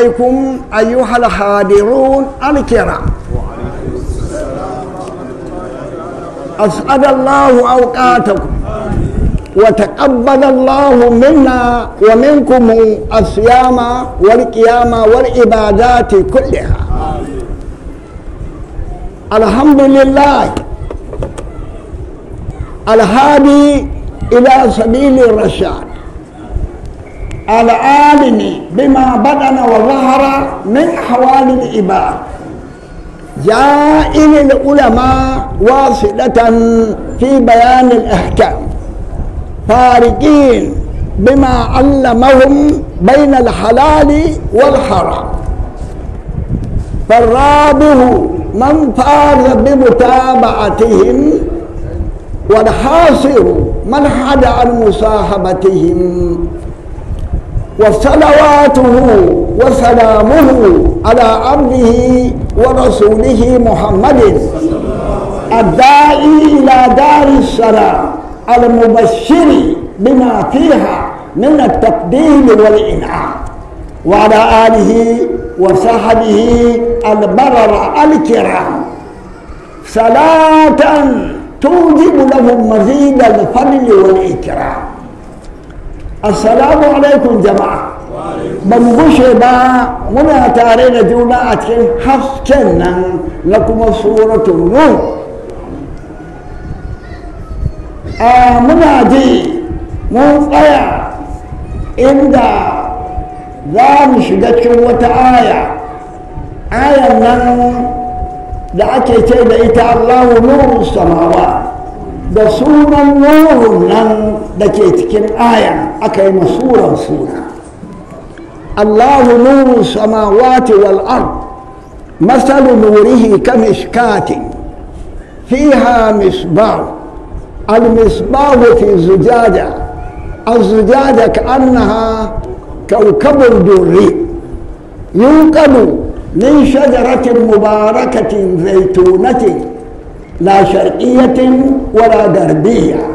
عليكم أيها الحاضرون الكرام أسعد الله أوقاتكم وتقبل الله منا ومنكم الصيام والقيام والعبادات كلها الحمد لله الهادي إلى سبيل الرشاد العالم بما بدن وظهر من أحوال جاء إلى العلماء واسطة في بيان الأحكام فارقين بما علمهم بين الحلال والحرام فالرابع من فاز بمتابعتهم والحاصر من حد عن مصاحبتهم وصلواته وسلامه على عبده ورسوله محمد الداعي إلى دار السلام المبشر بما فيها من التقديم والإنعام وعلى آله وصحبه البرر الكرام صلاة توجب لهم مزيد الفضل والإكرام assalamu alaikum jama'a Ban bushe gushe ba muna tare da juna a cikin hasken nan na kuma suratun nu a muna ji mun tsaya inda za mu shiga cikin wata aya ayan nan da ake ce da ita allahu nuru samawa da sunan nurun nan دكيت كن آية أكيم سورة سورة الله نور السماوات والأرض مثل نوره كمشكاة فيها مصباح المصباح في الزجاجة الزجاجة كأنها كوكب دري يوقد من شجرة مباركة زيتونة لا شرقية ولا غربية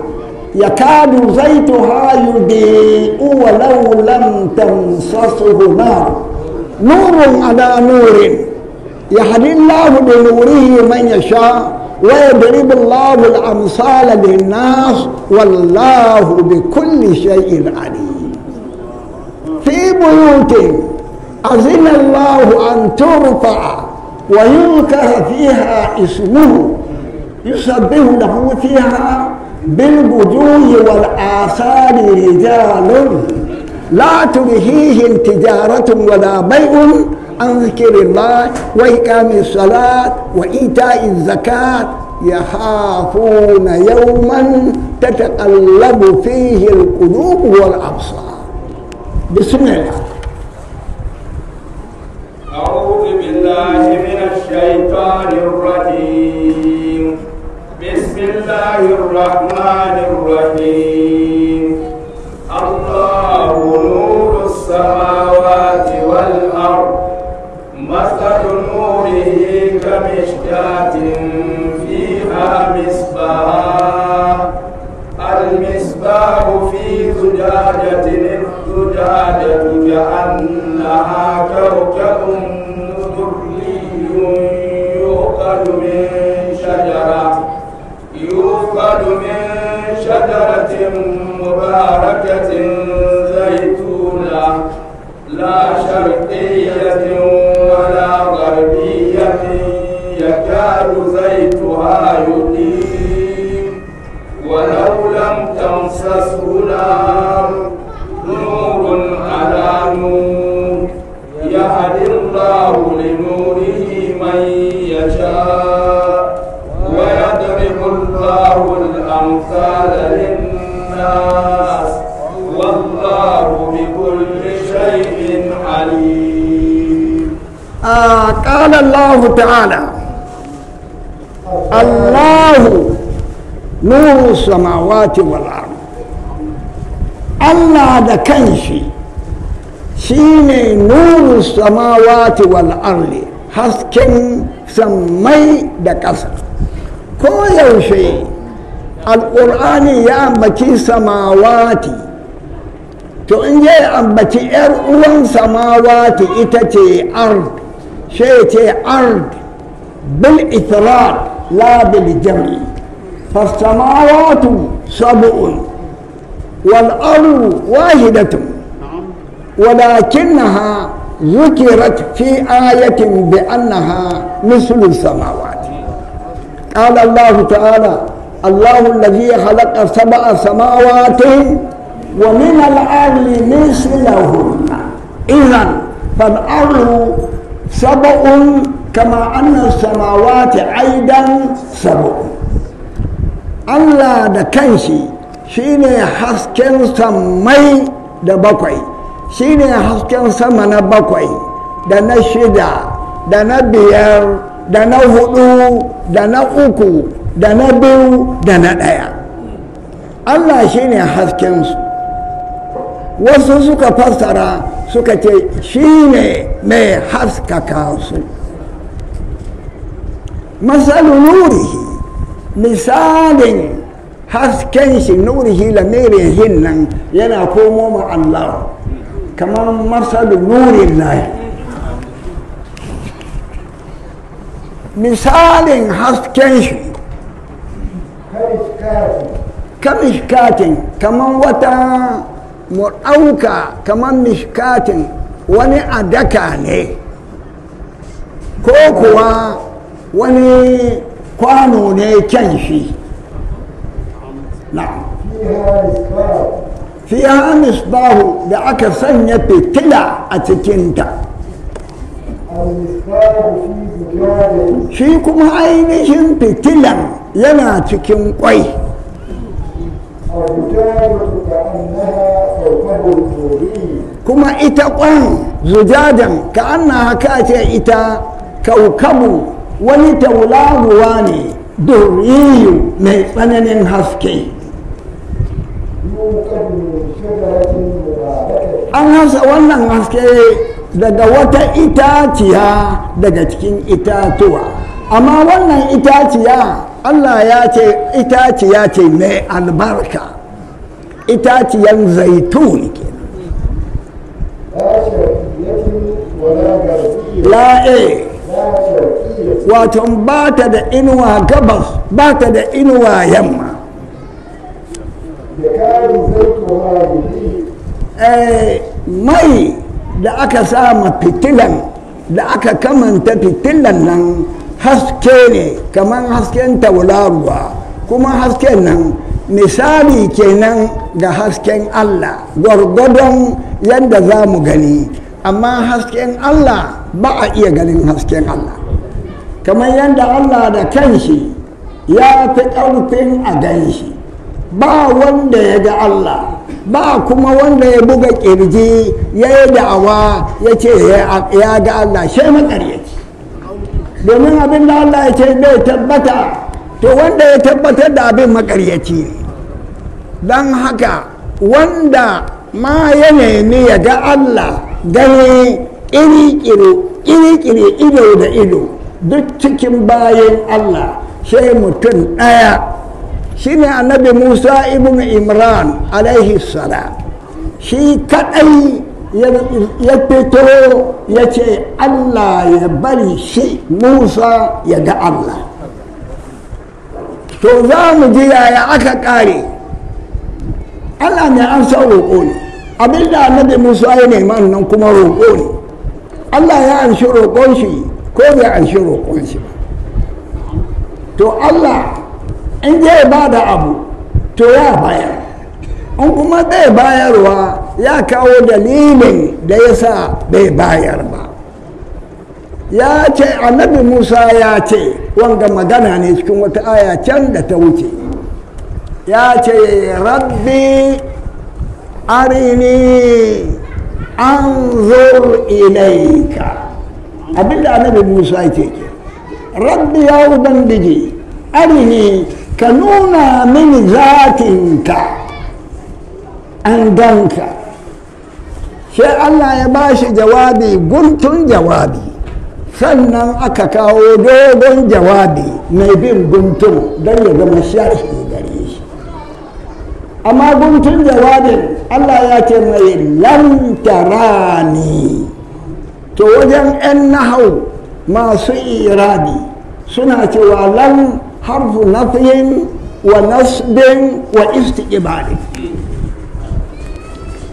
يكاد زيتها يضيء ولو لم تمسسه نار نور على نور يهدي الله بنوره من يشاء ويضرب الله الأمثال للناس والله بكل شيء عليم في بيوت أذن الله أن ترفع ويذكر فيها اسمه يسبح له فيها بالوجوه والآثار رجال لا تلهيهم تجارة ولا بيع عن ذكر الله وإقام الصلاة وإيتاء الزكاة يخافون يوما تتقلب فيه القلوب والأبصار بسم الله أعوذ بالله من الشيطان الرجيم الله الرحمن الرحيم الله نور السماوات والأرض مثل نوره كمشكاة شجرة مباركة زيتونة لا شرقية قال الله تعالى الله نور السماوات والارض الله دكنشي شيني نور السماوات والارض حسكن سمي دكسر كو يوشي القران يا بكي سماواتي تو انجي ام بكي ار سماواتي اتتي ارض شيء عرض بالإثراء لا بالجمع فالسماوات سبع والأرض واحدة ولكنها ذكرت في آية بأنها مثل السماوات قال الله تعالى الله الذي خلق سبع سماوات ومن الأرض مثلهن إذا فالأرض saba'un kama annan samawati aidan saba'un allah da kanshi shine hasken samai da bakwai shine hasken sama na bakwai da na shida da na biyar da na hudu da na uku da na biyu da na ɗaya allah shine haskensu wasu suka fassara suka ce shi ne mai haskaka su matsalin nurihi misalin hasken shi nurihi lamirin nan yana komo ma Allah kamar matsalu nurin lahi misalin hasken shi kamishkatin kamar wata mu ɗauka kamar mishkatin wani adaka ne ko kuwa wani kwano ne kyan shi fiya misbahu da aka sanya fitila a cikinta shi kuma ainihin fitilan yana cikin kwai kuma ita kwan zujadan ka anna haka ce ita kaukabu wani taularuwa ne duriyu mai tsananin haske an hasa wannan haske daga wata itaciya daga cikin itatuwa amma wannan itaciya allah ya ce itaciya ce mai albarka itaciyan zaitun ke la'e wato ba ta da inuwa gabas ba ta da inuwa yamma eh, mai da aka sama fitilan da aka kamanta fitilan nan haske ne kamar hasken taularuwa kuma hasken nan misali kenan da hasken Allah gwargwadon yadda za mu gani amma hasken Allah ba a iya ganin hasken Allah kamar yadda Allah da kanshi ya fi ƙarfin a ganshi ba wanda ya ga Allah ba kuma wanda ya buga ƙirji ya yi da'awa ya ce ya ga Allah shai makaryaci domin abin da Allah ya ce bai tabbata to wanda ya tabbatar da abin makaryaci don haka wanda ma ya nemi ya ga allah gani kirikiri ido da ido duk cikin bayan allah sai mutum ɗaya shine annabi musa ibn imran alaihi shi kaɗai ya fito ya ce allah ya bari shi musa ya ga allah to za mu ji yaya aka kare allah mai an sa roƙo ne abinda annabi musa ya neman nan kuma roƙo ne allah ya anshi roƙon shi ko bai anshi roƙon shi ba to allah in je ba da abu to ya bayar in kuma bai bayarwa ya kawo dalilin da ya sa bai bayar ba ya ce annabi musa ya ce wanga magana ne cikin wata aya can da ta wuce ya ce rabbi arini anzur ilaika abinda annabi musa ya ce rabbi ya ubangiji arini ka nuna mini zatinka an ganka sai allah ya ba shi jawabi guntun jawabi sannan aka kawo dogon jawabi mai bin guntun don ya zama sharhi gare shi amma guntun jawabin allah ya ce mai lantarani to wajen 'yan nahau masu iradi suna cewa lan harfu nafiyin wa nasbin wa istiqbali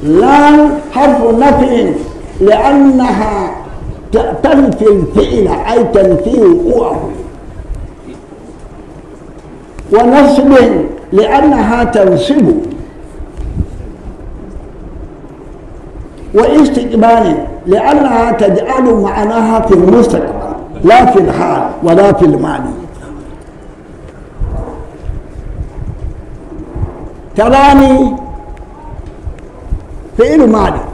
lan harfu nafiyin li'annaha تنفي الفعل أي تنفي وقوعه ونصب لأنها تنصب واستقبال لأنها تجعل معناها في المستقبل لا في الحال ولا في المعنى تراني فعل ماضي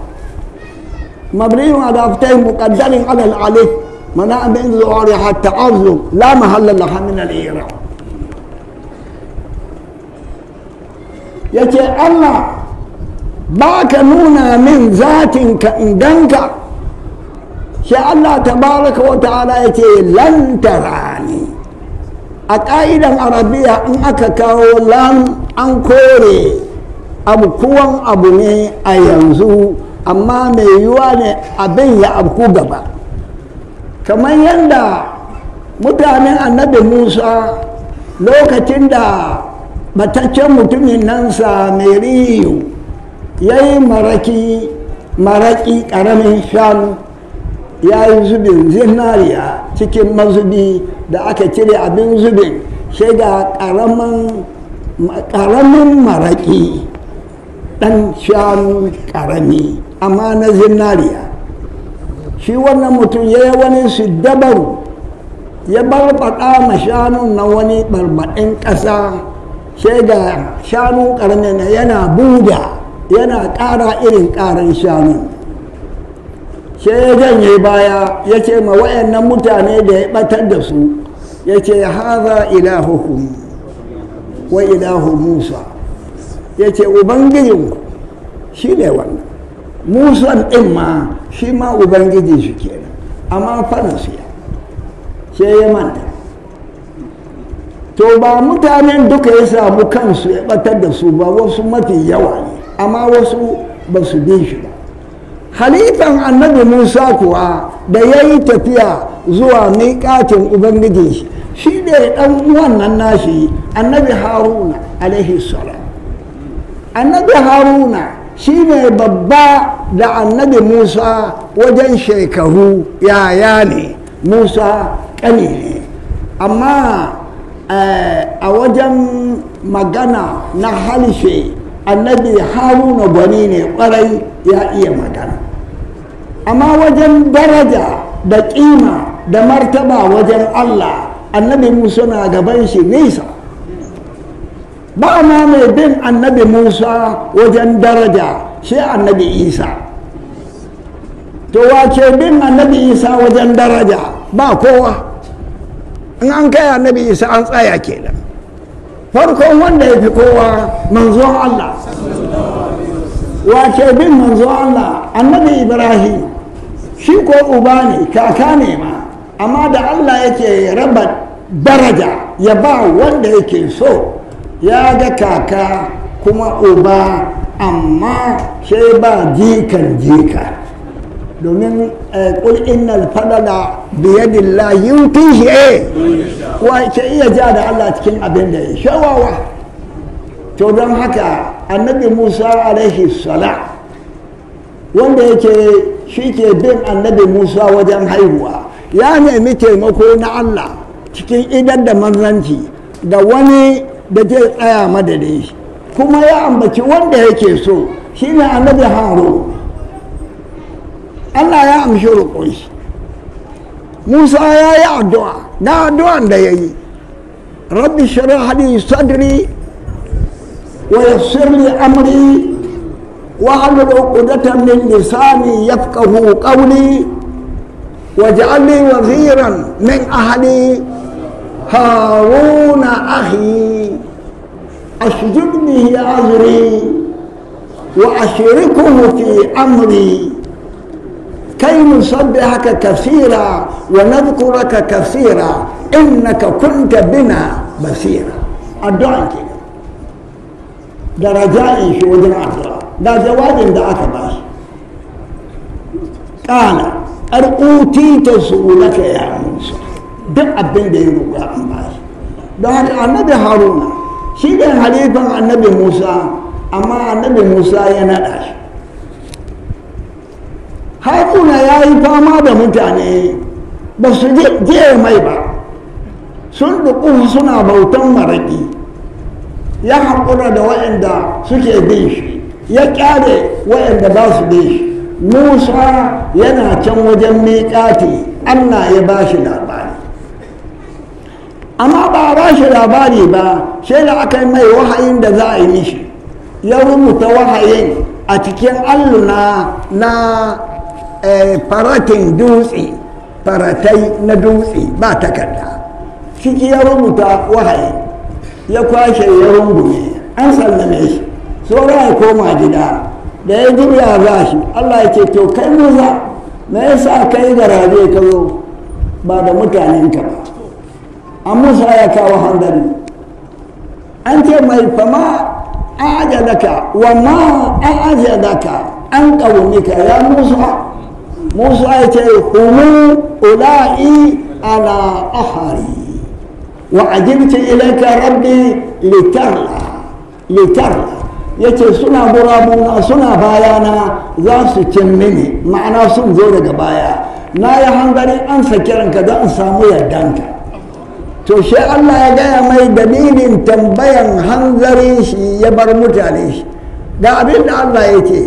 مبني على فتح مقدر على الالف منع من ظهورها التعظم لا محل لها من الاعراب yace Allah ba ka nuna min zatinka indanka shi Allah tabaraka wa ta'ala ya ce lan tarani a ƙa'idan arabiya in aka kawo lan an kore abu kuwan abu ne a yanzu amma mai yiwuwa ne abin ya abku gaba kamar yadda mutanen annabi musa lokacin da mataccen mutumin nan samiriyu ya yi maraki maraki ƙaramin shanu ya yi zubin zinariya cikin mazubi da aka cire abin zubin ga ƙaramin maraki ɗan shanu ƙarami amma na zinariya shi wannan mutum ya yi wani su dabaru ya barbaɗa ma shanun na wani barbaɗin ƙasa sai ga shanu ƙarni na yana buda yana ƙara irin ƙaran shanu sai ya janye baya ya ce ma wayannan mutane da ya ɓatar da su ya ce haza ilahukum wa ilahu musa ya ce ubangijinku shi ne wannan musan ɗin ma shi ma ubangiji shi amma faransu ya sai ya manta to ba mutanen duka ya samu kansu ya batar da su ba wasu mafi yawa ne amma wasu ba su bi shi ba halifan annabi musa kuwa da ya yi tafiya zuwa miƙatin ubangiji shi ne ɗan wannan nashi annabi haruna alaihi salam annabi haruna shi ne babba da annabi musa wajen shekaru yaya ne musa ƙani ne amma eh, a wajen magana na harshe annabi haruna gwani ne ƙwarai ya iya magana amma wajen daraja da ƙima da martaba wajen allah annabi musa na gaban shi nisa ma'ana mai bin annabi musa wajen daraja shi annabi isa to wace bin annabi isa wajen daraja ba kowa in an kai annabi isa an tsaya kenan farkon wanda ya fi kowa manzon Allah wace bin manzon Allah annabi Ibrahim shi ko uba ne kaka ne ma amma da Allah yake raba daraja ya ba wanda yake so ya ga kaka kuma uba amma sai ba jikan jika domin kul eh, innal fadala biyadillah yutihi eh, wa ke iya ja da Allah cikin abin da ya wawa. to don haka annabi Musa alaihi sala wanda yake shi ke bin annabi Musa wajen haihuwa ya nemi taimako na Allah cikin idan da manzanci da wani da zai tsaya madadi kuma ya ambaci wanda yake so shine annabi haro Allah ya amshi roƙon Musa ya yi addu'a na addu'an da ya yi rabbi shari'a hadi sadri wa yassir li amri واحلل عقدة من لساني يفقه قولي واجعل لي وزيرا من أهلي هارون ahi. أشدد يا أجري وأشركه في أمري كي نسبحك كثيرا ونذكرك كثيرا إنك كنت بنا بصيرا الدعاء درجائي في وجن عبدالله ده جواد دعاك باش قال أرقوتي سؤلك يا موسى دق بين ديروك يا باش ده النبي هارون shi ne halifan annabi musa amma annabi musa ya naɗa shi haruna ya yi fama da mutane ba su je mai ba sun duku suna bautan maraƙi ya haƙura da waɗanda suke bin shi ya ƙyale waɗanda ba su bin shi musa yana can wajen miƙati allah ya ba shi da amma ba ba shi labari ba sai da aka yi mai wahayin da za a yi mishi ya rubuta wahayin a cikin alluna na eh, faratin dutse faratai na dutse ba takarda ciki ya rubuta wahayi ya kwashe ya rungume an sallame shi tsoro ya koma gida da ya juya za shi allah ya ce to kai musa na yasa kai garaje ka zo ba da mutanenka ba أموس عليك وهندري أنت فما أعجبك وما أعجبك أن قومك يا موسى موسى يقول أولئي على أحري وعجبت إليك ربي لترى لترى يتي سنا برابونا سنا بايانا ذا تمني معنا سن زورك بايا نا يا هندري أنسى كيرنك دا to Allah ya gaya mai dalilin tambayan hanzarin shi ya bar mutane shi ga abin da Allah ya ce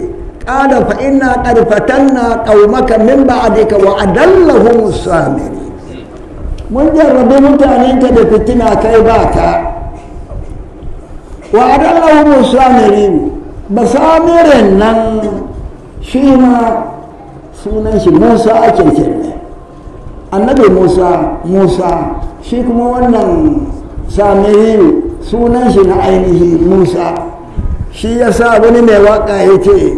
ƙada fa ina ƙarfatan na ƙaumaka min ba'adika wa adallahu samiri mun jarrabe mutanenka da fitina kai ba ka wa adallahu samiri ba samirin nan shi ma sunan shi musa ake kira annabi musa musa shi kuma wannan samihin sunan shi na ainihi musa shi ya sa wani mai waka ya ce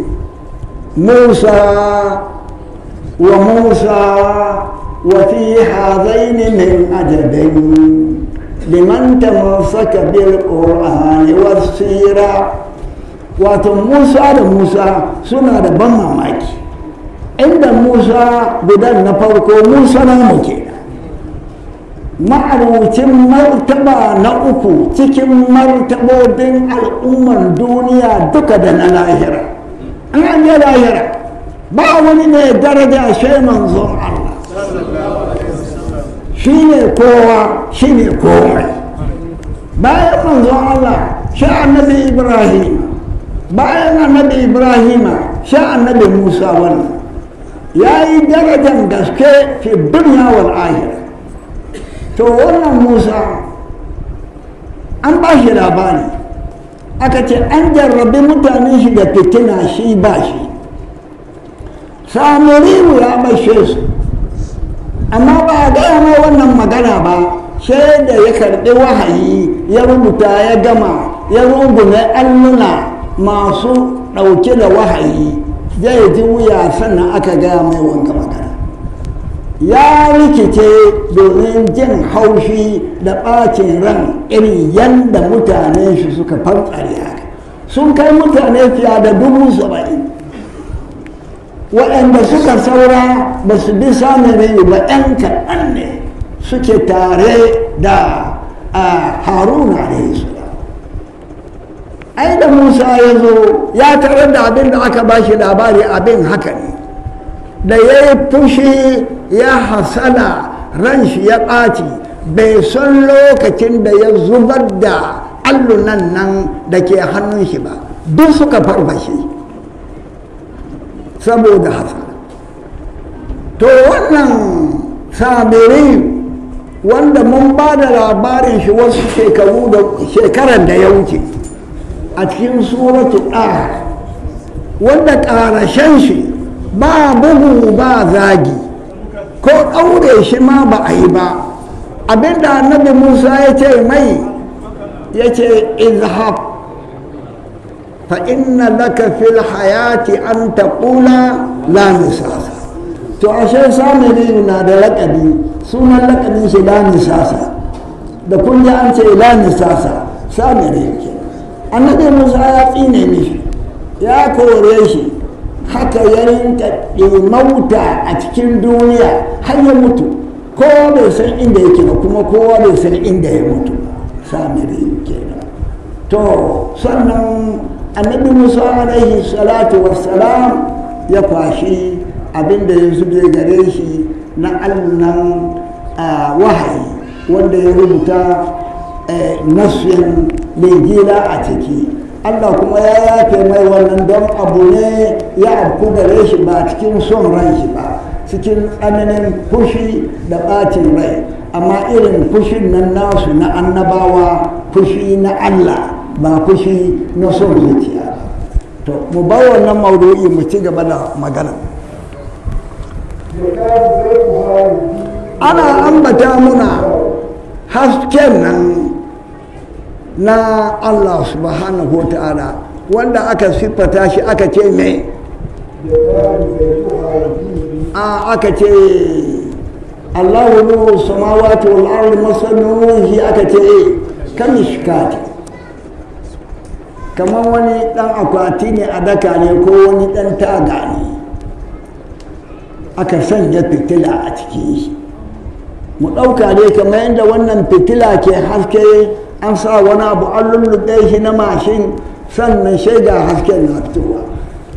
musa wa musa wa fi hazaini min ajabin liman tamassaka bil qur'ani was sira wato musa da musa suna da ban mamaki عند موسى بدل نفرق موسى نامكينا معروف مرتبة نأكو تك مرتبة دين الأمة الدنيا دكا دن أنا أهرا أنا عندي لا أهرا باولين درجة شيء منظور الله شيني قوة شيني قوة باي منظور الله شاء النبي إبراهيم باي النبي إبراهيم شاء النبي موسى والله yayi yi darajan gaske fi dunya wal akhirah to wannan musa an ba shi labari aka ce an jarrabi mutane shi da fitina shi ba shi samuriyu ya bashe su amma ba a gaya mai wannan magana ba sai da ya karɓi wahayi ya rubuta ya gama ya rubuta alluna masu ɗauke da wahayi zai ji wuya sannan aka gaya mai wanga magana ya rikice domin jin haushi da ɓacin ran iri yadda mutane shi suka fantsare haka sun kai mutane fiya da dubu saba'in waɗanda suka saura ba su bi sanarwa ba 'yan kaɗan ne suke tare da haruna da yasu ai da musa ya zo ya tarar da abin da aka ba shi labari abin haka ne da ya yi fushi ya hasala ran shi ya ɓaci bai son lokacin da ya zubar da allunan nan da ke hannun shi ba duk suka farfashe saboda hasala to wannan sabiri wanda mun ba da labarin shi wasu shekaru da shekarar da ya wuce a cikin suratu ɗah wanda ƙarashen shi ba bugu ba zagi ko ɗaure shi ma ba a yi ba abinda annabi musa ya ce mai ya ce izhab fa inna laka fil hayati an taqula la misasa to ashe sami na da lakabi sunan lakabin shi la misasa da kun an ce la misasa sami annabi musa ya tsine mishi ya kore shi haka ya rinka mauta a cikin duniya har ya mutu ko bai san inda yake ba kuma kowa bai san inda ya mutu samiri kenan to sannan annabi musa alaihi salatu wassalam ya kwashi da ya zube gare shi na allan ah, wahayi wanda ya rubuta eh, nasiyan mai gila a ciki Allah kuma ya yafe mai wannan don abu ne ya abu da shi ba cikin son ran shi ba cikin tsananin fushi da ɓacin rai amma irin fushin nan nasu na annabawa fushi na Allah ba fushi na son zuciya to mu ba wannan maudu'i mu ci gaba da magana ana ambata muna hasken nan na Allah subhanahu wa ta'ala wanda aka siffata shi aka ce me a aka ce Allahu nuru samawati wal ardi shi aka ce eh, kati kamar wani dan akwati ne a daka ne ko wani dan taga ne aka sanya fitila a ciki mu ɗauka ne kamar yadda wannan fitila ke haske an sa wani abu an lulluɗe shi na mashin sannan shaida hasken na fitowa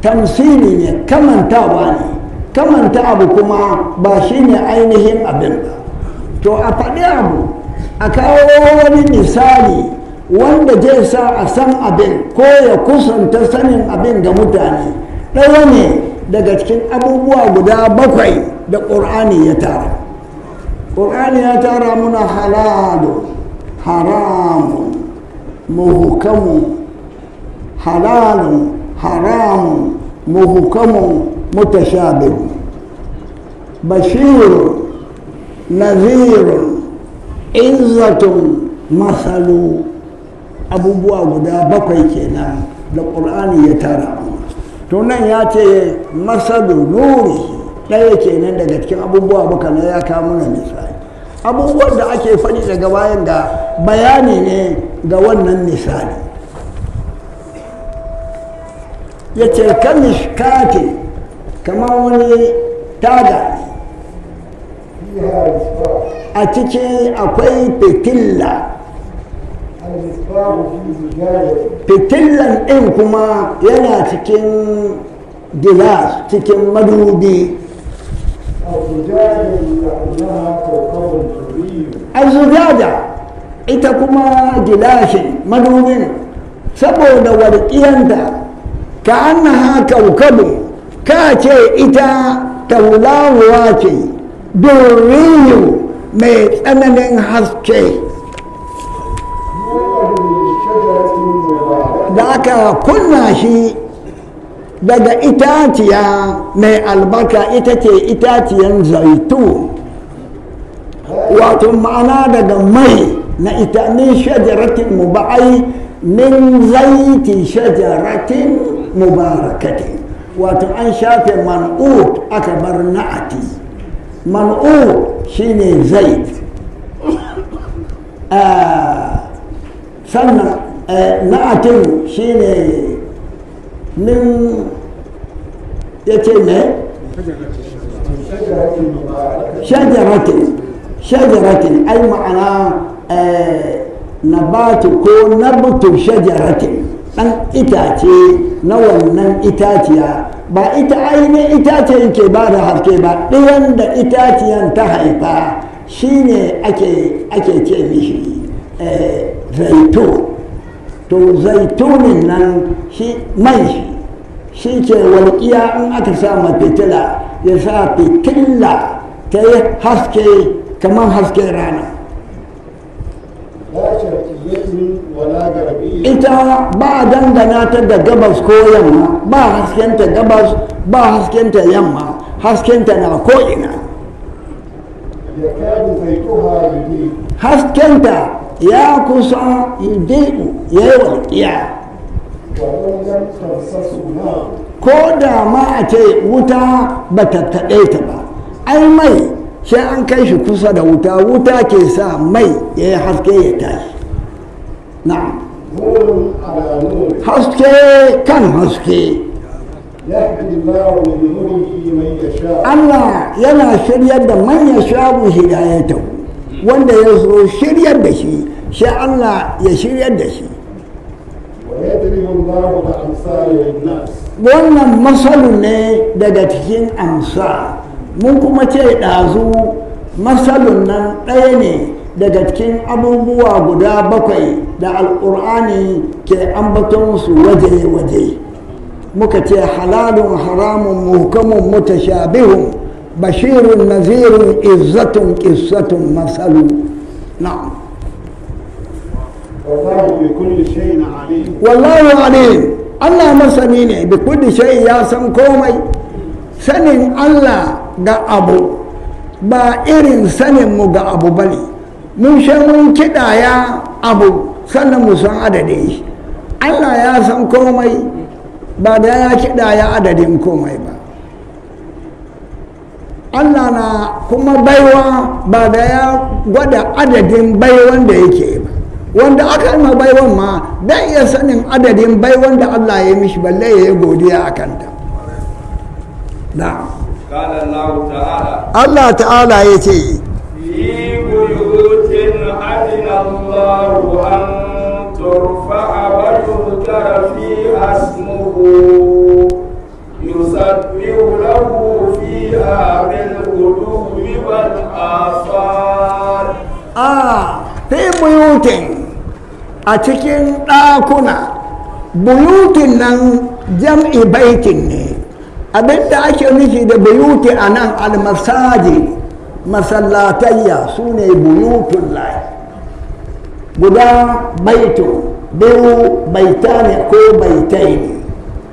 tamsili ne kamantawa ne kamanta abu kuma ba shi ne ainihin abin ba to a faɗi abu a kawo wani misali wanda zai sa a san abin ko ya kusanta sanin abin ga mutane ɗaya ne daga cikin abubuwa guda bakwai da ƙur'ani ya tara ƙur'ani ya tara muna halalu حرام محكم حلال حرام محكم متشابه بشير نذير عزة مثل أبو بوغدا بقي ya tara يترى nan ya ce masalu nuri ɗaya ke daga cikin abubuwa bukana ya kawo mana abubuwan da ake faɗi daga bayan ga bayani ne ga wannan misali ya ce kamishkati kamar wani taga a ciki akwai fitilla fitillan ɗin kuma yana cikin gilas cikin madubi azujada ita kuma gilashin madubin saboda warƙiyanta ka annaha kaukabu ka ce ita taulawa ce duriyu mai tsananin haske da aka kunna shi دجا إتاتيا مي البكا إتاتي إتاتيا زيتون واتم معنا دجا مي نإتاني شجرة مبعي من زيت شجرة مباركة واتم أنشات منؤوت أكبر نعتي منؤوت شيني زيت آه سنة آه نعتي شيني من يتم شجرة شجرة أي معنى آه نبات كو نبت شجرة أن إتاتي نوى إتاتيا ba ita ainihin itace ke bada da haske ba ɗayan da itaciyan ta haifa shine ake ce mishi eh, zaitun to zaitunin nan shi mai shi ke walƙiya in aka sa ma fitila ya sa fitilla ta yi haske kamar hasken rana ita ba dangana ta da gabas ko yamma ba haskenta gabas ba haskenta yamma haskenta na ko'ina haskenta ya kusa yudebu ya yi walƙiya ko da ma a ce wuta ba ta ta ba ai mai sai an kai shi kusa da wuta wuta ke sa mai ya yi haske ya tashi na'am haske kan haske Allah yana shiryar da manyan shabu hidayatau wanda ya zo shiryar da shi shi Allah ya shiryar da shi wannan masalu ne daga cikin amsa mun kuma ce ɗazu masalun nan ɗaya ne daga cikin abubuwa guda bakwai da al'urani ke ambatonsu waje-waje muka ce halalun haramun muhukamun mutashabihun بشير نذير عزة قصة مثل نعم والله بكل شيء عليم والله عليم الله مسني بكل شيء يا سم كومي sanin Allah ga abu ba irin sanin mu ga abu ba ne mun sha mun kiɗaya abu sannan mu san adadin Allah ya san komai ba da ya kiɗaya adadin komai ba allah na kuma baiwa ba da ya gwada adadin baiwan da yake ba wanda aka yi baiwan ma dan iya sanin adadin baiwan da allah ya yi mishi balle ya yi godiya a kanta allah ta'ala ya ce يسبح له a بالقلوب buyutin a cikin ɗakuna buyutin nan jam'i baitin ne abinda ake nufi da buyuti a nan almasaji masallatayya su ne buyutun lai guda baitun biyu baita ne ko baitai ne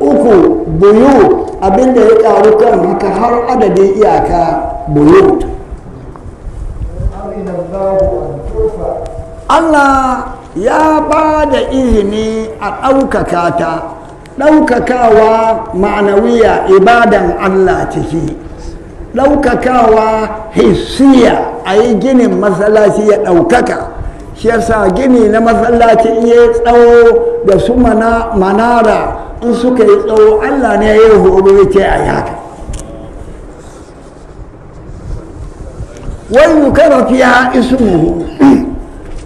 uku buyu abinda ya karu kan haka har adadin iyaka buyu Allah ya ba da izini a ɗaukaka ta ɗaukakawa ma'anawiya ibadan Allah ciki ɗaukakawa hissiya a yi ginin masallaci ya ɗaukaka shi yasa gini na masallaci iya tsawo da su manara قصك يقو ألا نعيه أبوتي أياك وإن كان فيها اسمه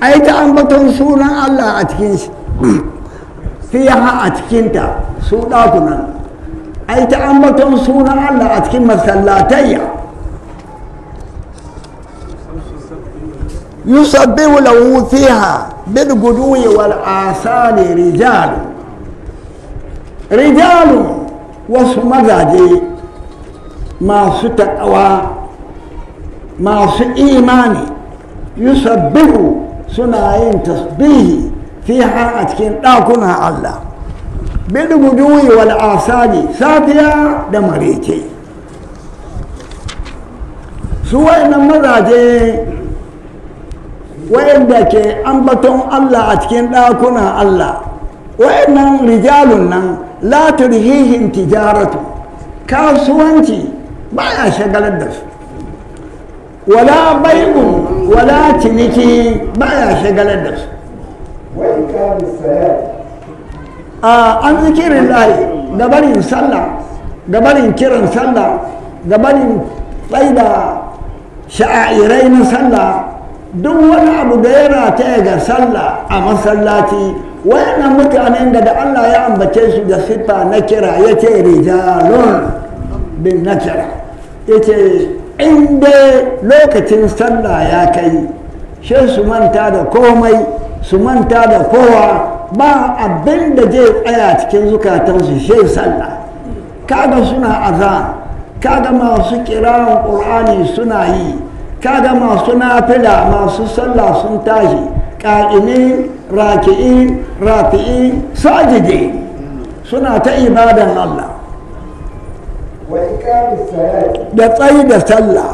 أيت أن بتنسونا ألا أتكنس فيها أتكنت سوداتنا أيت أن بتنسونا ألا أتكن مثلاتي يصبه له فيها بالقدوي والآثار رجاله rijalu wasu mazaje masu taƙawa masu imani yusabbihu suna yin tasbihi ha a cikin ɗakunan Allah bilguduwi wal asali safiya da marece su wayannan mazaje wayanda ke ambaton Allah a cikin ɗakunan Allah wayannan rijalun nan la turhihim tijaratu kasuwanci baya shagalar da su wala bai'un wala ciniki baya shagalar da su a an zikirin layi gabarin sallah gabarin kiran sallah gabarin tsaida sha'airai na sallah duk wani abu da ya rataya ga sallah a masallaci wannan mutanen da da Allah ya ambace su da siffa na kira ya ce rijalun bin na kira ya ce in dai lokacin sallah ya kai shi su manta da komai su manta da kowa ba abin da zai tsaya cikin zukatansu shi sallah kaga suna azan kaga masu kiran ƙur'ani suna yi kaga masu nafila masu sallah sun tashi ƙa'imin raki'in rafi'in sajide suna ta ibadan Allah da tsayi da sallah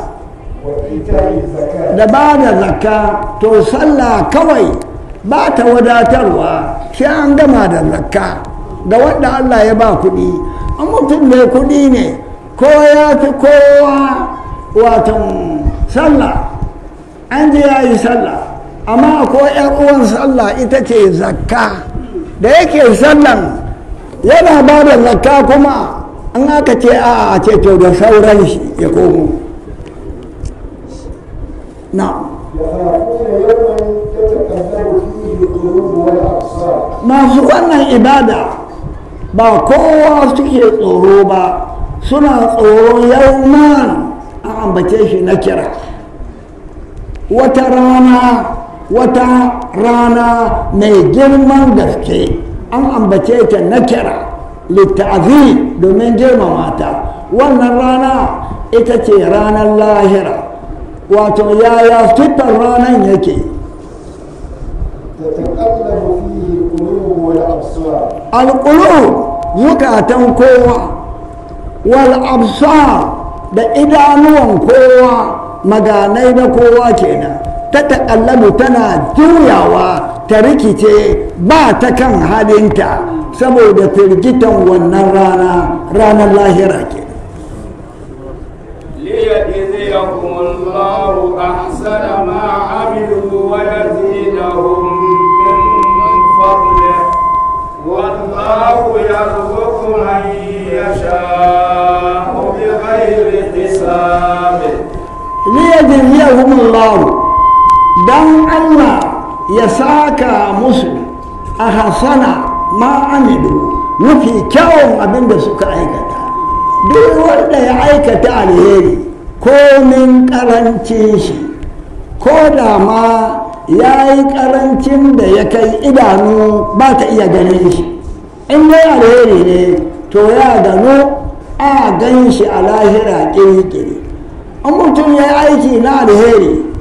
da ba da zakka to sallah kawai ba ta wadatarwa sai an gama da zakka ga wanda Allah ya ba kuɗi an mutum mai kuɗi ne ko ya fi kowa watan sallah an je ya yi sallah amma ko yan uwan sallah ita ce zakka da yake sallan yana ba da zakka kuma an aka ce a a ce to da sauran shi ya komo na masu wannan ibada ba kowa suke tsoro ba suna tsoro yau man an ambace shi na kira wata rana wata rana mai girman gaske an ambace ta na kira littafi domin girmama ta wannan rana ita ce ranar lahira wato yaya fitar ranar yake alƙulu zukatan kowa wal da idanuwan kowa maganai na kowa kenan ta taƙallalu tana juyawa ta rikice ba ta kan halinta saboda firgitan wannan rana ranar lahira ke والله يرزق من يشاء بغير حساب ليجزيهم الله don allah ya saka musu a hasana ma amidu mafi kyawun abin da suka aikata duk wanda ya aikata alheri ko min karancin shi ko da ma ya yi karancin da ya kai idanu ba ta iya ganin shi in dai alheri ne to ya gano a gan shi a lahira kirkiri in mutum ya yi aiki na alheri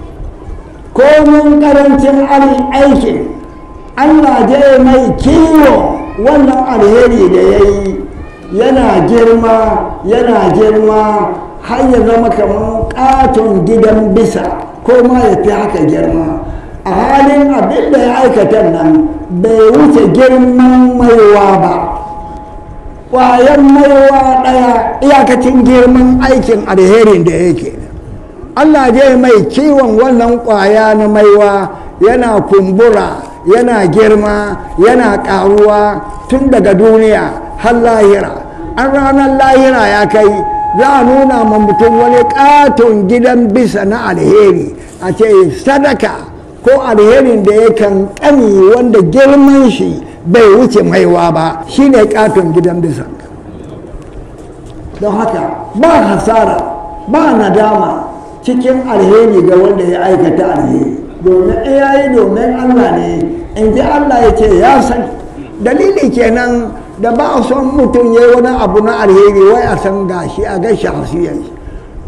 Ko mun karancin aikin allah je mai kiwo wannan alheri da ya yi yana girma yana girma har ya zama kamar katon gidan bisa ko ma ya fi haka girma a halin abin da ya aikata nan bai wuce girman maiwa ba kwayan maiwa ɗaya iyakacin girman aikin alherin da yake allah dai mai kiwon wannan ƙwaya na maiwa yana kumbura yana girma yana ƙaruwa tun daga duniya har lahira an ranar lahira ya kai za a nuna ma mutum wani ƙaton gidan bisa na alheri a ce sadaka ko alherin da ya kan ƙani wanda girman shi bai wuce maiwa ba shi ne ƙaton gidan bisa don haka ba hasara ba nadama cikin alheri ga wanda ya aikata alheri domin ya yi domin allah ne in ji allah ya ce ya sani dalili kenan da ba a son mutum ya yi wani abu na alheri wai a san gashi a gashi hasiyar shi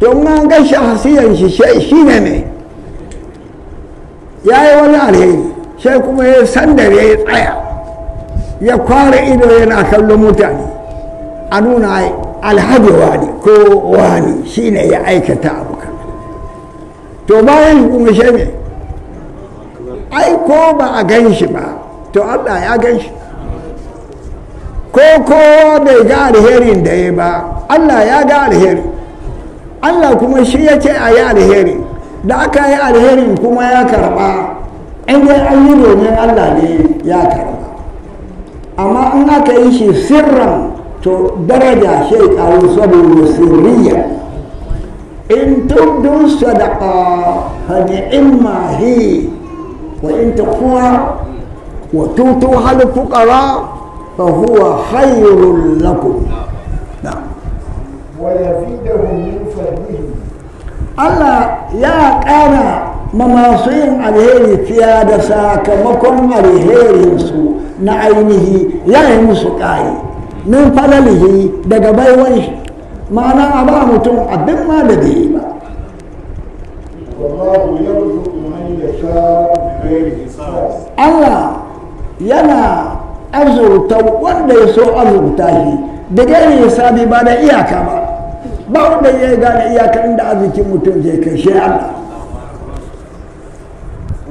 to gashi hasiyar shi shi ne ne ya yi wani alheri sai kuma ya san da ya tsaya ya kware ido yana kallon mutane a nuna alhaji wani ko wani shine ya aikata to bayan kuma shi ne ai ko ba a gan shi ba to allah ya gan shi ko kowa bai ga alherin da ya ba allah ya ga alheri allah kuma shi ya ce a yi alheri da aka yi alherin kuma ya karba in dai an yi domin allah ne ya karba amma in aka yi shi sirran to daraja shekaru saboda sirriya in tubdu sadaqa hani imma hi wa in taqwa wa tutu hal fuqara fa huwa khayrul lakum Allah ya kana mamasin alheri fiya da sakamakon alherin su na ainihi ya yi musu kai min falalihi daga baiwan ma'ana a ba mutum abin ma da yi ba Allah yana azurta wanda ya so azurta shi da gani ya sabi ba da iyaka ba ba wanda ya gane iyaka inda arzikin mutum zai kai shi Allah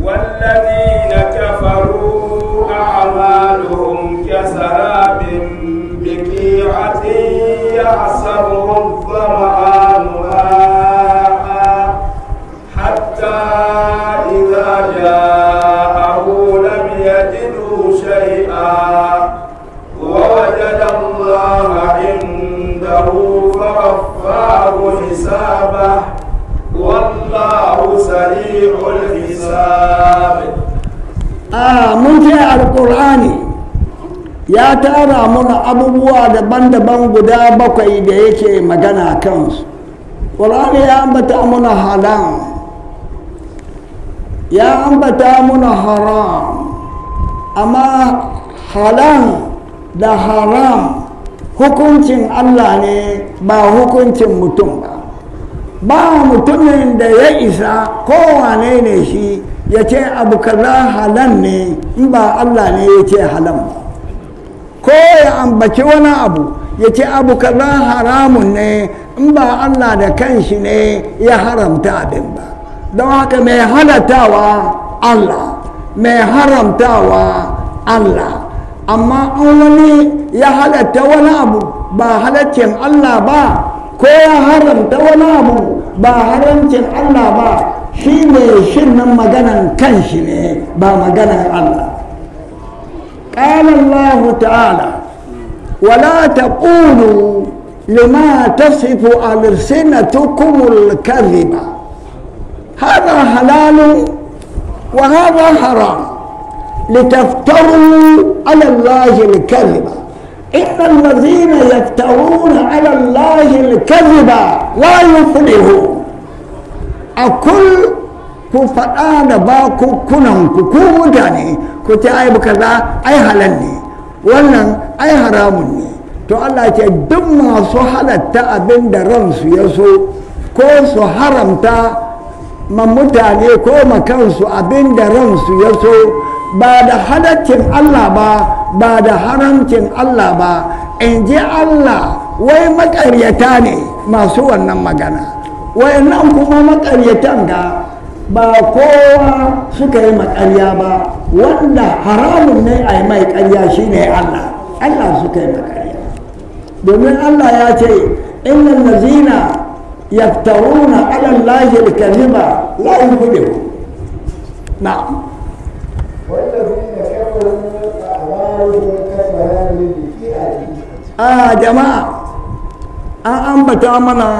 والذين كفروا أعمالهم كسراب بقيعة يحسبه الظمآن حتى إذا جاءه لم يجده شيئا ووجد الله عنده فوفاه حسابه والله سريع الحساب آه منجع القرآن ya tara muna abubuwa daban-daban guda bakwai da yake magana kansu ƙwararri ya ambata muna halam ya ambata muna haram amma halal da haram hukuncin allah ne ba hukuncin mutum ba ba mutumin da ya isa kowane ne shi ya ce abu kaza halam ne in ba allah ne ya ce halam. ba ko ya ambaci wani abu ya ce abu kaza haramun ne in ba allah da kanshi ne ya haramta abin ba don haka mai halatawa allah mai haramtawa allah amma an wani ya halatta wani abu ba halaccin allah ba ko ya haramta wani abu ba haramcin allah ba shi ne shin nan maganan kanshi ne ba maganan allah قال الله تعالى ولا تقولوا لما تصف ألسنتكم الكذبة هذا حلال وهذا حرام لتفتروا على الله الكذبة إن الذين يفترون على الله الكذبة لا يفلحون أكل ku faɗa da ba ku kunan ku mutane ku ce ai kaza ai halal ne wannan ai haramun ne to Allah ce duk masu halatta abin da ransu ya so ko su haramta ma mutane ko ma kansu abin da ransu ya so ba da halaccin Allah ba ba da haramcin Allah ba in ji Allah wai maƙaryata ne masu wannan magana Wai nan kuma makaryatan ga ba kowa suka yi makarya ba wanda haramun ne a yi mai karya shine Allah Allah suka yi makarya domin Allah ya ce innan lazina yaftaruna ala Allahi al-kadhiba la yuflihu na'am a jama'a an ambata mana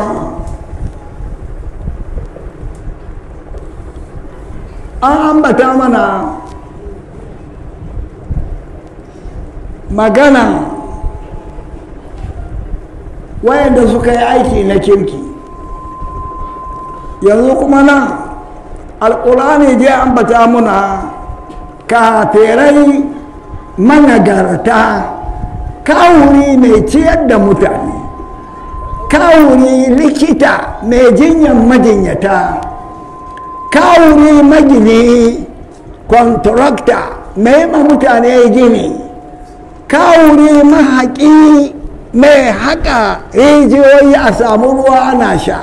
an ambata mana magana wayanda suka yi aiki na kirki yanzu kuma na alƙulani an ambata muna kafirai managarta kawuri mai ciyar da mutane kawuri likita mai jinyar majinyata kawuri magini kontrakta mai ma mutane gini kawuri mahaƙi mai haƙa rijiyoyi a samu ruwa ana sha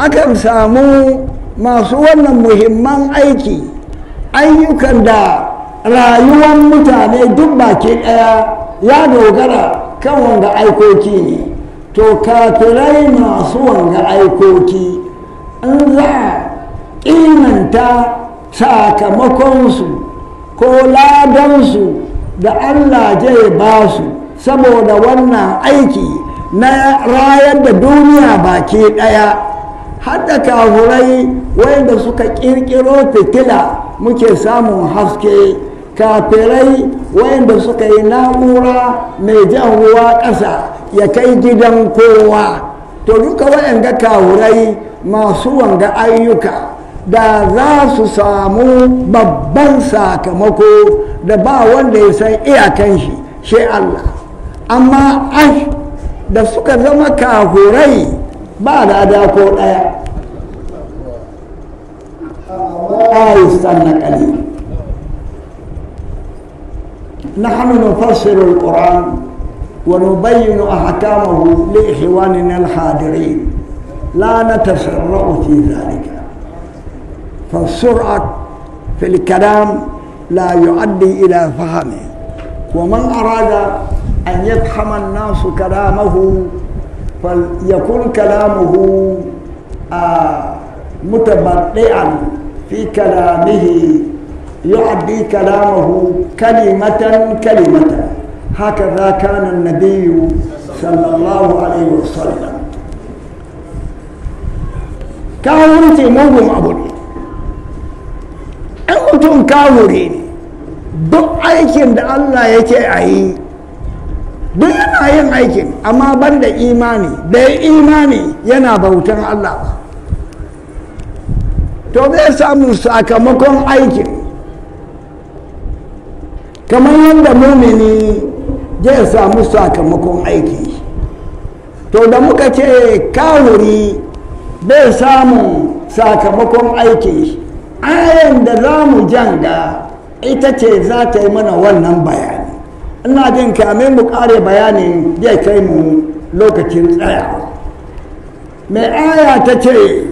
akan samu masu wannan muhimman aiki ayyukan da rayuwar mutane duk baki ɗaya ya dogara kan wanga aikoki ne to kafirai masu wanga aikoki in za kimanta sakamakonsu ko ladansu da allah zai ba su saboda wannan aiki na rayar da duniya baki ɗaya hadda kafurai wanda suka ƙirƙiro fitila muke samun haske kafirai wayanda suka yi na'ura mai jan ruwa ƙasa ya kai gidan kowa to duka wayanga kawurai masu wanga ayyuka da za su samu babban sakamako da ba wanda ya san iyakan shi shi Allah amma ai da suka zama kahurai ba da ko ɗaya نحن نفسر القرآن ونبين أحكامه لإخواننا الحاضرين لا نتسرع في ذلك فالسرعة في الكلام لا يؤدي إلى فهمه ومن أراد أن يفهم الناس كلامه فليكن كلامه آه في كلامه يعدي كلامه كلمة كلمة هكذا كان النبي صلى الله عليه وسلم كان ينتي موضوع أبو in mutum kawure ne duk aikin da allah yake a yi duk yana yin aikin amma ban da imani da ya imani yana bautan allah ba to zai samu sakamakon aikin kamar yadda mumini zai samu sakamakon aiki to da muka ce kawuri bai samun sakamakon aiki ayan da za mu janga ita ce za ta yi mana wannan bayani ina jin kamin mu kare bayani zai kai mu lokacin tsaya. mai aya ta ce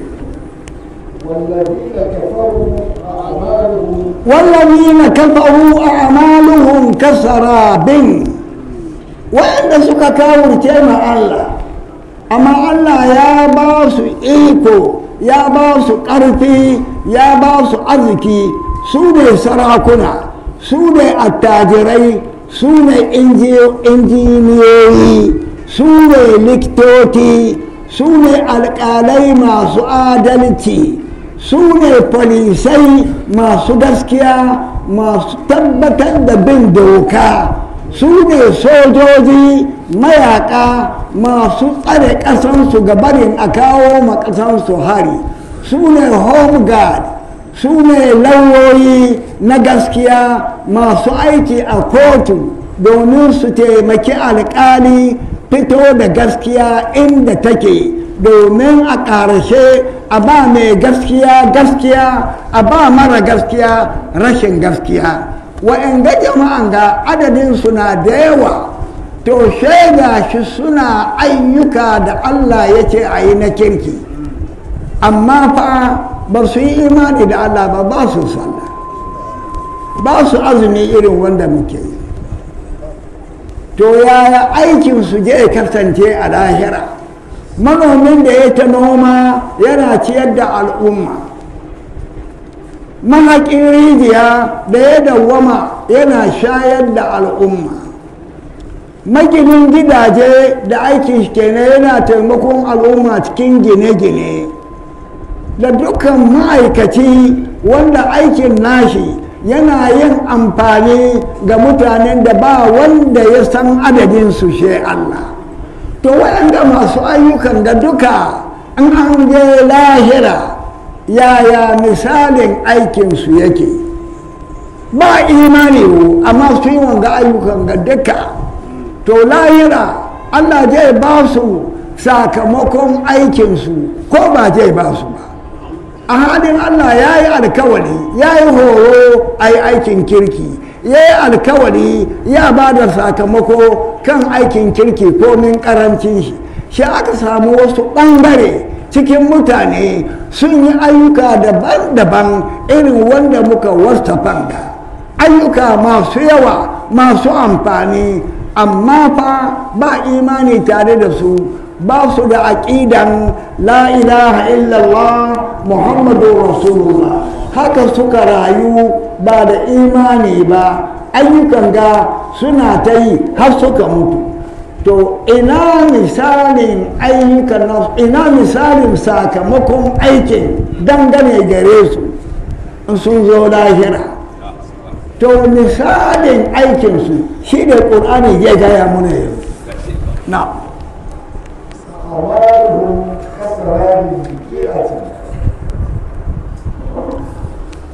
na kafaru a kasara bin Wanda suka kawurce ma Allah amma Allah ya ba su iko ya ba su ƙarfi ya ba su arziki su ne sarakuna su ne attajirai su ne injiniyoyi su ne likitoci su ne alƙalai masu adalci su ne polisai masu gaskiya masu tabbatar da bin doka su ne sojoji mayaƙa masu tsare ga barin a kawo ma ƙasansu hari su ne home guard su ne lauyoyi na gaskiya masu aiki a kotu domin su taimaki alkali fito da gaskiya inda take domin a ƙarashe a ba mai gaskiya gaskiya a ba mara gaskiya rashin gaskiya ga jama'an ga adadin suna da yawa to shaida shi suna ayyuka da allah ya ce a yi na kirki amma fa ba su yi imani da Allah ba ba su sallah ba su azumi irin wanda muke yi to yaya aikin su je kasance a lahira manomin da ya ta noma yana ciyar da al'umma mahaƙin rijiya da ya dawwama yana shayar da al'umma maginin gidaje da aikin kenan yana taimakon al'umma cikin gine-gine da dukkan ma'aikaci wanda aikin nashi yana yin amfani ga mutanen da ba wanda ya san adadin su she Allah to waɗanda masu ayyukan da duka in an je lahira yaya misalin aikin su yake ba imani amma su yi wanga ayyukan ga duka to lahira Allah zai ba su sakamakon su ko ba zai ba su ba a halin allah ya yi alkawari ya yi horo a yi aikin kirki ya yi alkawari ya ba da sakamako kan aikin kirki komin karancin shi shi aka samu wasu ɓangare cikin mutane sun yi ayyuka daban-daban irin wanda muka wasta fanka. ayyuka masu yawa masu amfani amma fa ba imani tare da su ba su da aƙidan la ilaha illallah muhammadu rasulullah haka suka rayu ba da imani ba ayyukan ga suna ta yi har suka mutu to ina misalin ayyukan ina misalin sakamakon aikin dangane gare su sun zo lahira to misalin aikinsu shi ne ƙur'ani ya gaya muna yau?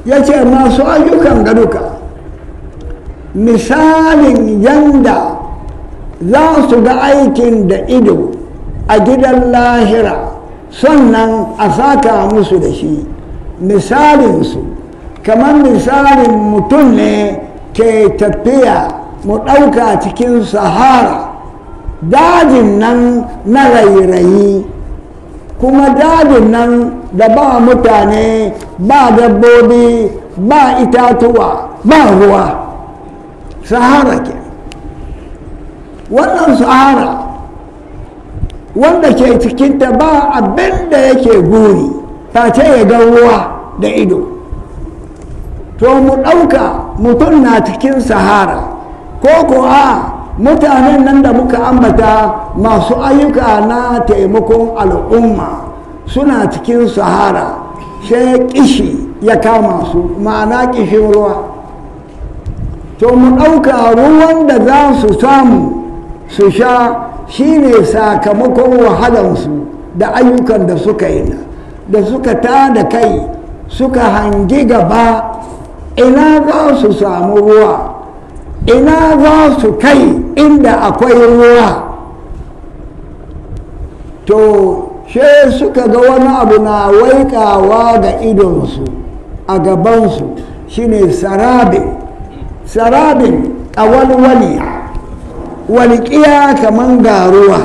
ya ce masu ayyukan ga duka misalin yanda za su ga aikin da ido a gidan lahira sannan a saka musu da shi misalinsu kamar misalin mutum ne ke tafiya mu ɗauka cikin sahara dajin nan na rairayi kuma dajin nan da ba mutane ba dabbobi ba itatuwa ba ruwa sahara ke wannan sahara wanda ke cikinta ba abin da yake guri face ya ga ruwa da ido to mu ɗauka mutum na cikin sahara ko kuwa mutanen nan da muka ambata masu ayyuka na taimakon al'umma suna cikin sahara sai kishi ya kama su ma'ana kishin ruwa to mu ɗauka ruwan da za su samu su sha shi ne sakamakon wahalansu da ayyukan da suka yi da suka ta da kai suka hangi gaba ina za su samu ruwa ina za su kai inda akwai ruwa to she suka ga wani abu na waikawa ga idonsu a gabansu shine sarabin sarabin a wani walƙiya kamar garuwa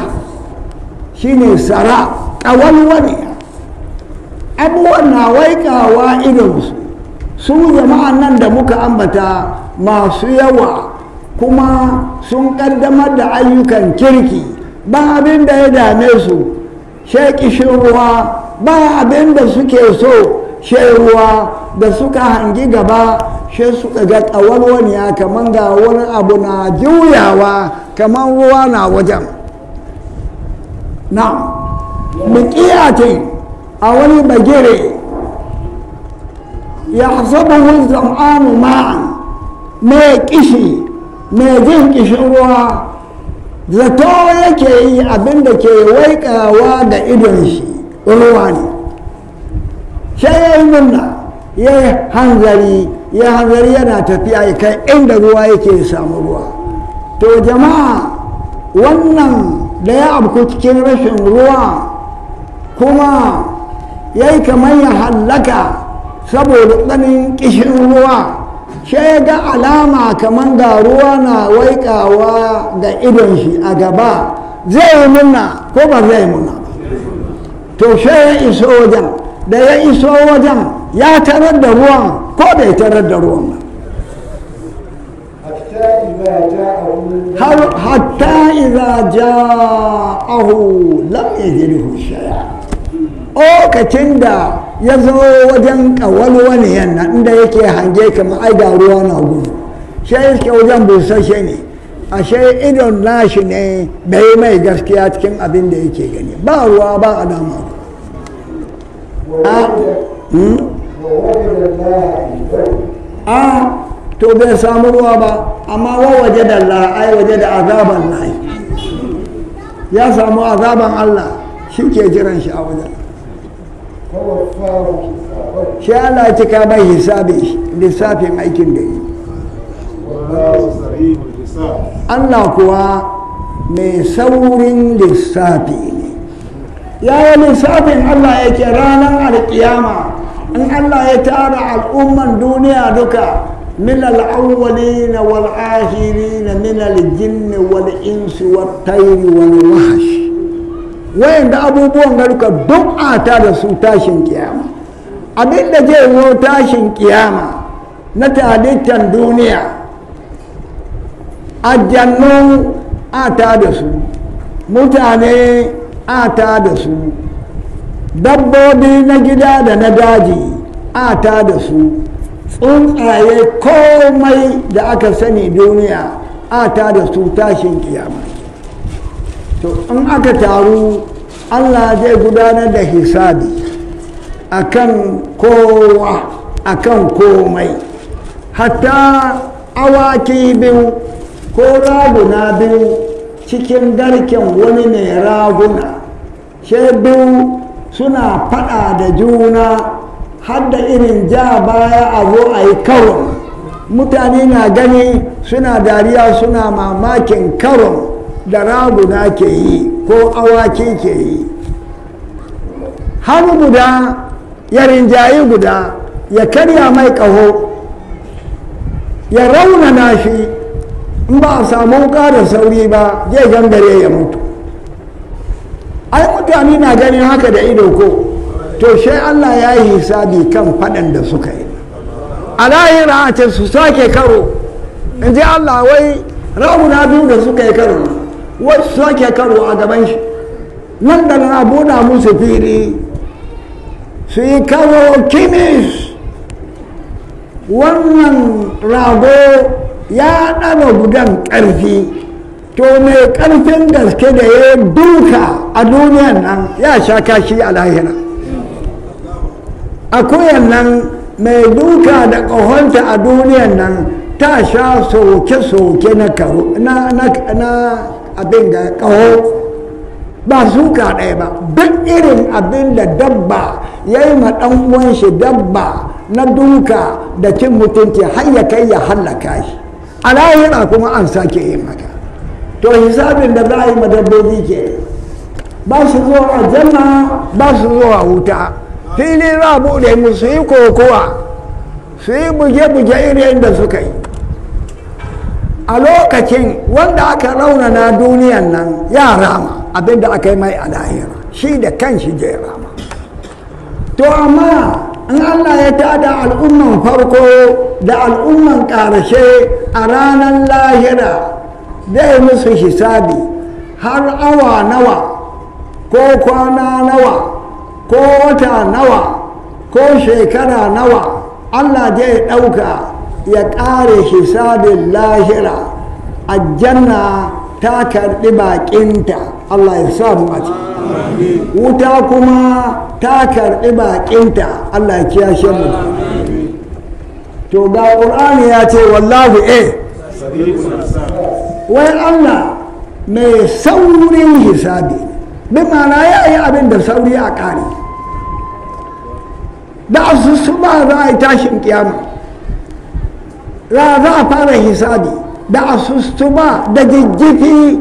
shine sara a wani abubuwan na waikawa idonsu su jama'an nan da muka ambata masu yawa kuma sun kaddamar da ayyukan kirki ba abin da ya dame su shekishin ruwa ba abin da suke so she da suka hangi gaba shi suka ga tsawon ya kamar ga wani abu na juyawa kamar ruwa na wajen na mukiyatin a wani bagire يحسبه الظمآن mai ما mai jin جن ruwa. zato yake yi abin da ke waiƙawa da idon shi ruwa ne sai ya yi murna ya yi hanzari ya hanzari yana tafiya ya kai inda ruwa yake samu ruwa to jama'a wannan da ya abku cikin rashin ruwa kuma ya yi kamar ya hallaka saboda tsanin ƙishin ruwa sai ga alama kamar ga ruwa na waikawa ga idon shi a gaba zai yi muna ko ba zai muna to sai ya iso wajen da ya iso wajen ya tarar da ruwan ko bai tarar da ruwan ba hatta iza ja'ahu lam yajidhu shay'a Okacin da ya zama wajen kawalwa wani yana inda yake hange kamar ai da ruwa na gudu shi yake wajen busasshe ne ashe idon nashi ne bai mai gaskiya cikin abin da yake gani ba ruwa ba a dama a ah, hmm? ah, to bai samu ruwa ba amma wa waje da la'ai waje da azaban la'ai ya samu azaban allah shi ke jiran shi a wajen shi Allah cika mai hisabi lissafin aikin da yi Allah kuwa mai saurin lissafi ne yaya lissafin Allah yake ranar alkiyama in Allah ya tara al'umman duniya duka من الأولين والآخرين من الجن والإنس والطير والوحش wayan da abubuwan garka duk a ta da su tashin kiyama abin da zai zo tashin kiyama na talittan duniya aljannu a da su mutane a da su dabbobi na gida da na daji ata ta da su tsuntsaye komai da aka sani duniya ata ta da su tashin kiyama to in aka taru allah zai gudanar da hisabi kan kowa kan komai hatta awaki biyu ko raguna biyu cikin garken wani ne raguna sai suna fada da juna har da irin ja baya a zo a yi karon mutane na gani suna dariya suna mamakin karon da raguna ke yi ko awaki ke yi hannu guda ya rinjayi guda ya karya mai kaho ya raunana shi in ba a samu wuka da sauri ba zai gangare ya mutu ai mutane na ganin haka da ido ko to sai allah ya yi hisabi kan faɗan da suka yi a lahira su sake karo in ji allah wai rauna biyu da suka yi karo wasu sake karo a gaban shi nan da na buɗa musu fili su yi karo kimis wannan rago ya ɗaga gudan ƙarfi to mai ƙarfin gaske da ya duka a duniyan nan ya sha kashi a lahira akuyan nan mai duka da ƙahonta a duniyan nan ta sha sauke soke na abin da kaho ba zuka ɗaya ba duk irin abin da dabba ya yi ma ɗan uwan shi dabba na duka da cin mutunci har ya kai ya hallaka shi a lahira kuma an sake yi maka to hisabin da za a yi ma dabbobi ke ba su zuwa janna ba su a wuta fili za a buɗe musu yi kokowa su yi buge-buge irin da suka yi a lokacin wanda aka rauna na duniyan nan ya rama abinda aka yi mai a lahira shi da kan shi je rama to amma in allah ya tada al'umman farko da al'umman ƙarshe a ranar lahira zai musu hisabi har awa nawa ko kwana nawa ko wata nawa ko shekara nawa allah zai ɗauka ya ƙare hisabin lahira aljanna ta karɓi baƙinta Allah ya sa mu a wuta kuma ta karɓi baƙinta Allah ya kiyashe mu to ga ƙur'ani ya ce wallahu eh wai Allah mai saurin hisabi bi ma'ana ya yi abin da sauri a ƙari da su ba za a yi tashin kiyama za a fara hisabi da asustuma da jijjifi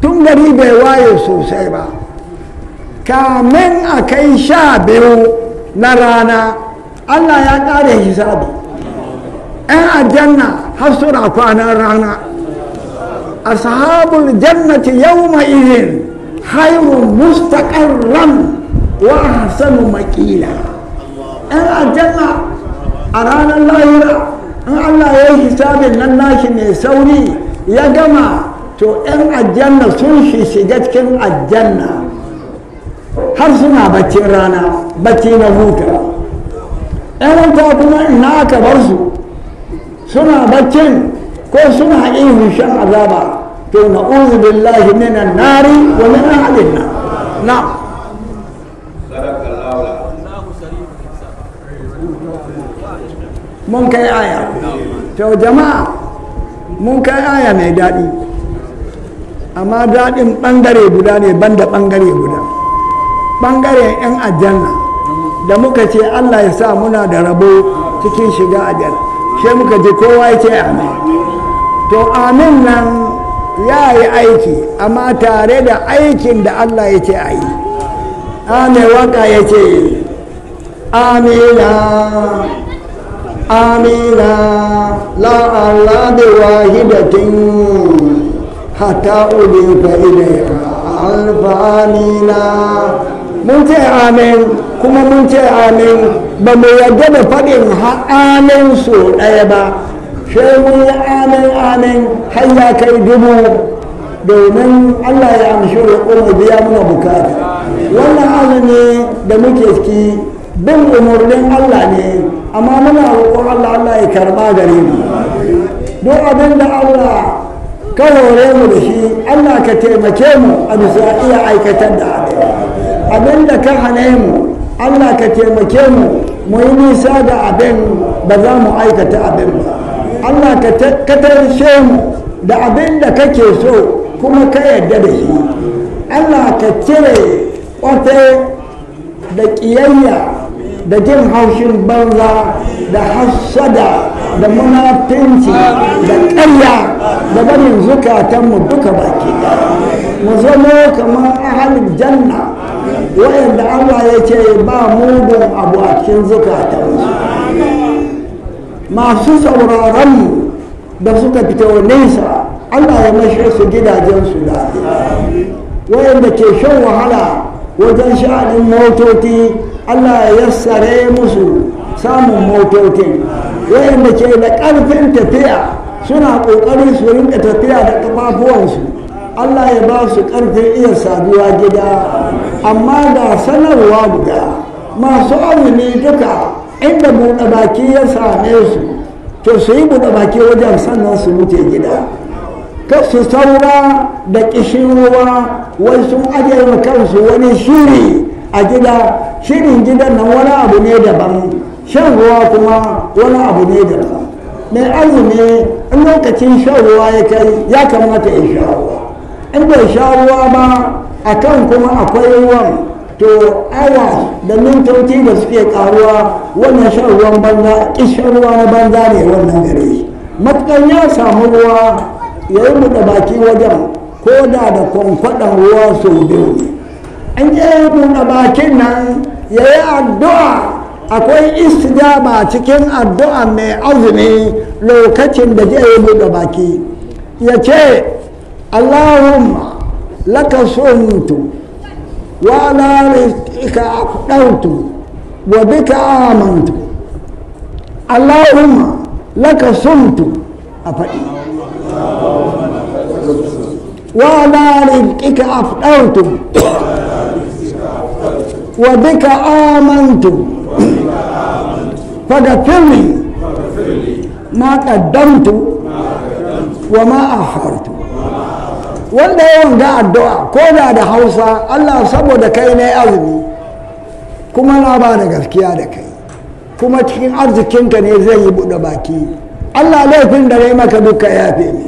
tun gari bai waye sosai ba kamin a kai sha biyu na rana allah ya ƙare hisabi 'yan aljanna har suna kwanan rana ashabul jannati yawma idin hayrun mustaqarran wa ahsanu maqila 'yan aljanna a ranar lahira ان الله يا حساب لنا شن سوري يا جماعة تو إن الجنة سوشي سجتك الجنة حرسنا بتيرانا بتينا موتا أنا تابنا هناك برضو سنا بتين كل سنا إيه شن عذابا تو نعوذ بالله من النار ومن أهل النار نعم mun kai aya to jama'a mun kai aya mai daɗi amma daɗin ɓangare guda ne ban da ɓangare guda ɓangare 'yan aljanna da muka ce allah ya sa muna da rabo cikin shiga aljanna sai muka ji kowa ya ce amin to amin nan ya yi aiki amma tare da aikin da allah ya ce a yi amin waka ya ce amina آمنا لا على بواحدة حتى أضيف إليها ألف آمنا mun ce amin kuma mun ce amin ba mu yarda da faɗin amin so ɗaya ba sai mun yi amin amin har kai dubu domin allah ya amshi roƙon mu biya muna bukata wannan azumi da muke ski bin umarnin allah ne amma muna roƙon Allah Allah ya karba gare mu don abin da Allah ka hore mu da shi Allah ka taimake mu a bisa iya aikatar da abin da ka hane mu Allah ka taimake mu mu yi nisa da abin ba za mu aikata abin ba Allah ka tarshe mu da abin da kake so kuma ka yarda da shi Allah ka cire kwafe da ƙiyayya da jin haushin banza da hassada da munafinci da ƙarya da barin zukatanmu duka baki mu zama kamar ahalin janna wayanda Allah ya ce ba mugun abu a cikin zukatansu masu sauraron da suka fito nesa Allah ya mashe su gidajensu da wayanda ke shan wahala wajen sha'anin motoci Allah ya yassare musu samun motocin wayanda ke da ƙarfin tafiya suna ƙoƙarin su rinka tafiya da ƙafafuwansu Allah ya ba su ƙarfin iya saduwa gida amma ga sanarwa guda masu azumi duka inda buɗe baki ya same su to su yi buɗe baki wajen sannan su wuce gida kar su saura da ƙishin ruwa wai sun ajiye kansu wani shiri a gida shirin gidan nan wani abu ne daban shan ruwa kuma wani abu ne daban mai azumi in lokacin shan ruwa ya kai ya kamata ya sha ruwa in bai sha ruwa ba a kan kuma akwai ruwan to awa da mintoci da suke karuwa wannan shan ruwan banza kishin ruwa na banza ne wannan gare matukan ya samu ruwa ya yi buɗe baki wajen ko da da kwankwaɗan ruwa sau biyu ne an je bakin nan ya yi addu'a akwai istijaba cikin addu'a mai azumi lokacin da zai buɗe baki ya ce allahumma laka suntu wa larika ɗautu wa bika amantu allahumma laka suntu a faɗi wa larika ɗautu وبك آمنت فاغفر لي ما قدمت وما أخرت wanda yawan ga addu'a ko da da hausa allah saboda kai na azumi kuma na ba da gaskiya da kai kuma cikin arzikinka ne zai yi buɗe baki allah laifin da rai maka duka ya fi ne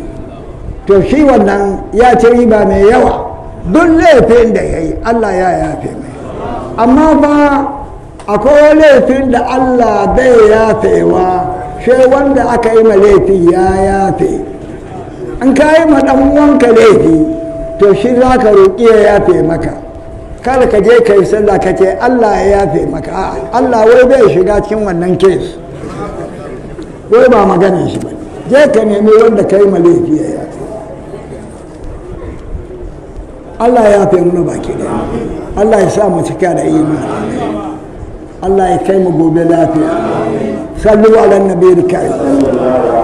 to shi wannan ya ce riba mai yawa duk laifin da ya yi allah ya yafe amma ba akwai laifin da allah bai yafewa sai wanda aka yi ma laifi ya yafe in ka yi ma ɗan uwanka laifi to shi za ka roƙi ya yafe maka kada ka je ka yi sallah ka ce allah ya yafe maka allah wai bai shiga cikin wannan kes wai ba maganin shi ba je ka nemi wanda ka yi ma laifi ya yafe Allah ya fi muna baki daya Allah ya sa mu cika da imani Allah ya kai mu gobe lafiya sallu ala nabiyil karim